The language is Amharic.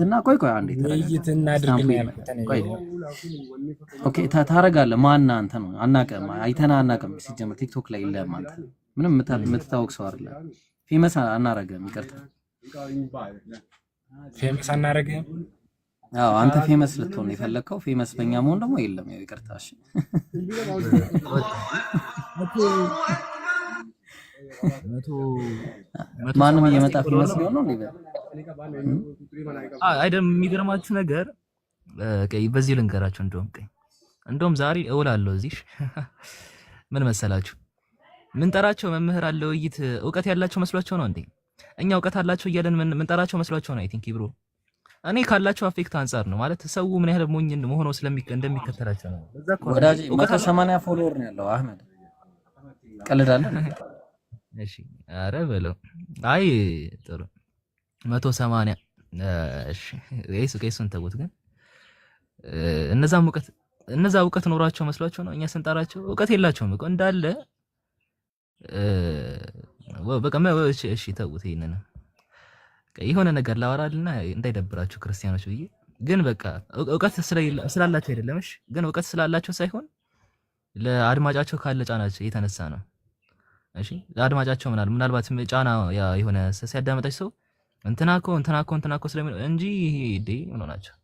ልይዝና ቆይ ቆይ አንዴ ታረጋለህ። ማነህ አንተ? ነው አናውቅም፣ አይተና አናውቅም። ሲጀምር ቲክቶክ ላይ የለህም አንተ፣ ምንም የምትታወቅ ሰው አይደለም። ፌመስ አናረግም፣ ይቅርታ ፌመስ አናረግም። አዎ አንተ ፌመስ ልትሆን የፈለግከው ፌመስ በእኛ መሆን ደግሞ የለም። ይቅርታ እሺ ማንም እየመጣ ፌመስ ቢሆን ነው አይደለም። የሚገርማችሁ ነገር በዚህ ልንገራችሁ። እንደውም ቀኝ እንደውም ዛሬ እውላለሁ እዚህ ምን መሰላችሁ ምንጠራቸው መምህር አለ ውይይት እውቀት ያላቸው መስሏቸው ነው እንዴ? እኛ እውቀት አላቸው እያለን ምንጠራቸው መስሏቸው ነው። አይ ቲንክ ብሮ እኔ ካላቸው አፌክት አንጻር ነው ማለት ሰው ምን ያህል ሞኝ መሆኑ እንደሚከተላቸው ነው። ወዳጅ 180 ፎሎወር ነው ያለው አህመድ ቀልዳለህ እሺ ኧረ በለው አይ ጥሩ መቶ ሰማንያ እሺ እሱን ተውት። ግን እነዛም እውቀት እነዛ እውቀት ኖሯቸው መስሏቸው ነው እኛ ስንጠራቸው እውቀት የላቸውም እኮ እንዳለ በቃ እሺ ተውት። ይሄንን የሆነ ነገር ላወራልና እንዳይደብራችሁ ክርስቲያኖች ብዬ ግን በቃ እውቀት ስላላቸው አይደለም። እሺ ግን እውቀት ስላላቸው ሳይሆን ለአድማጫቸው ካለ ጫናቸው የተነሳ ነው። እሺ ለአድማጫቸው ምናል ምናልባት ጫና የሆነ ሲያዳመጠች ሰው እንትናኮ እንትናኮ እንትናኮ ስለሚለው እንጂ ይሄ ዴ ምን ሆናቸው